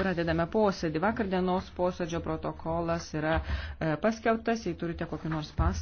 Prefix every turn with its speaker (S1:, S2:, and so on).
S1: Pradedame posėdį. Vakar dienos posėdžio protokolas yra e, paskelbtas. Jei turite kokį nors pastabą.